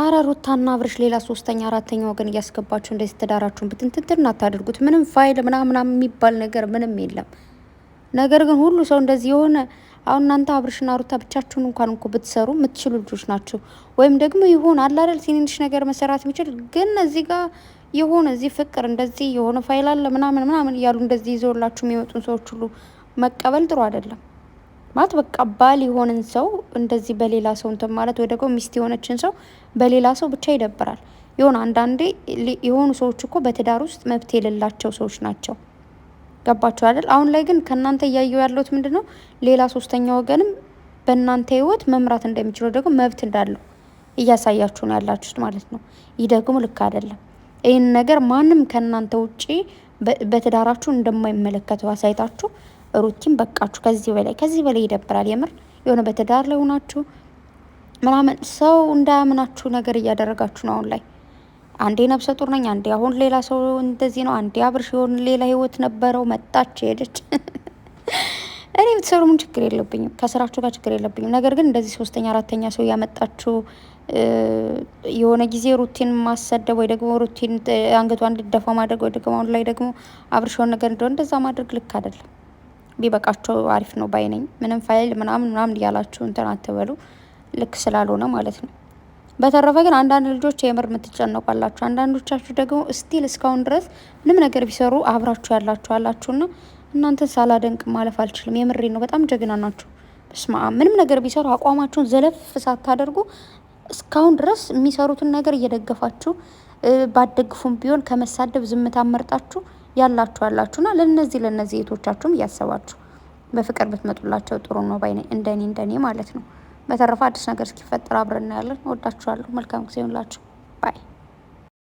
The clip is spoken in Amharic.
አረ ሩታና አብርሽ ሌላ ሶስተኛ አራተኛ ወገን እያስገባችሁ እንደዚህ ትዳራችሁን ብትንትንትን እናታደርጉት። ምንም ፋይል ምናምናም የሚባል ነገር ምንም የለም። ነገር ግን ሁሉ ሰው እንደዚህ የሆነ አሁን እናንተ አብርሽና ሩታ ብቻችሁን እንኳን እኮ ብትሰሩ የምትችሉ ልጆች ናችሁ። ወይም ደግሞ ይሆን አላደል ትንንሽ ነገር መሰራት የሚችል ግን እዚህ ጋር የሆነ እዚህ ፍቅር እንደዚህ የሆነ ፋይል አለ ምናምን ምናምን እያሉ እንደዚህ ይዘውላችሁ የሚመጡን ሰዎች ሁሉ መቀበል ጥሩ አይደለም። ማለት በቃ ባል የሆንን ሰው እንደዚህ በሌላ ሰው እንትን ማለት ወይ ደግሞ ሚስት የሆነችን ሰው በሌላ ሰው ብቻ ይደብራል። የሆነ አንዳንዴ የሆኑ ሰዎች እኮ በትዳር ውስጥ መብት የሌላቸው ሰዎች ናቸው። ገባቸው አይደል? አሁን ላይ ግን ከእናንተ እያየው ያለሁት ምንድን ነው ሌላ ሶስተኛ ወገንም በእናንተ ህይወት መምራት እንደሚችለው ደግሞ መብት እንዳለው እያሳያችሁ ነው ያላችሁት ማለት ነው። ይህ ደግሞ ልክ አይደለም። ይህን ነገር ማንም ከእናንተ ውጪ በትዳራችሁ እንደማይመለከተው አሳይታችሁ ሩቲን በቃችሁ። ከዚህ በላይ ከዚህ በላይ ይደብራል። የምር የሆነ በትዳር ላይ ሆናችሁ ምናምን ሰው እንዳያምናችሁ ነገር እያደረጋችሁ ነው አሁን ላይ። አንዴ ነብሰ ጡር ነኝ፣ አንዴ አሁን ሌላ ሰው እንደዚህ ነው፣ አንዴ አብርሽ የሆነ ሌላ ህይወት ነበረው፣ መጣች፣ ሄደች። እኔ የምትሰሩ ምን ችግር የለብኝም፣ ከስራችሁ ጋር ችግር የለብኝም። ነገር ግን እንደዚህ ሶስተኛ አራተኛ ሰው እያመጣችሁ የሆነ ጊዜ ሩቲን ማሰደብ ወይ ደግሞ ሩቲን አንገቷ እንድደፋ ማድረግ ወይ ደግሞ አሁን ላይ ደግሞ አብርሽ የሆነ ነገር እንደሆነ እንደዛ ማድረግ ልክ አይደለም። ቢበቃቸው አሪፍ ነው ባይ ነኝ። ምንም ፋይል ምናምን ምናምን እያላችሁ እንትን አትበሉ፣ ልክ ስላልሆነ ማለት ነው። በተረፈ ግን አንዳንድ ልጆች የምር የምትጨነቋላችሁ፣ አንዳንዶቻችሁ ደግሞ ስቲል እስካሁን ድረስ ምንም ነገር ቢሰሩ አብራችሁ ያላችሁ አላችሁና እናንተን ሳላደንቅ ማለፍ አልችልም። የምሬ ነው። በጣም ጀግና ናችሁ። ስማ ምንም ነገር ቢሰሩ አቋማችሁን ዘለፍ ሳታደርጉ እስካሁን ድረስ የሚሰሩትን ነገር እየደገፋችሁ ባደግፉም ቢሆን ከመሳደብ ዝምታ መርጣችሁ ያላችሁ አላችሁና ለነዚህ ለነዚህ እህቶቻችሁም እያሰባችሁ በፍቅር ብትመጡላቸው ጥሩ ነው ባይ እንደኔ እንደኔ ማለት ነው። በተረፈ አዲስ ነገር እስኪፈጠር አብረን እናያለን። ወዳችኋለሁ። መልካም ጊዜ ይሁንላችሁ። ባይ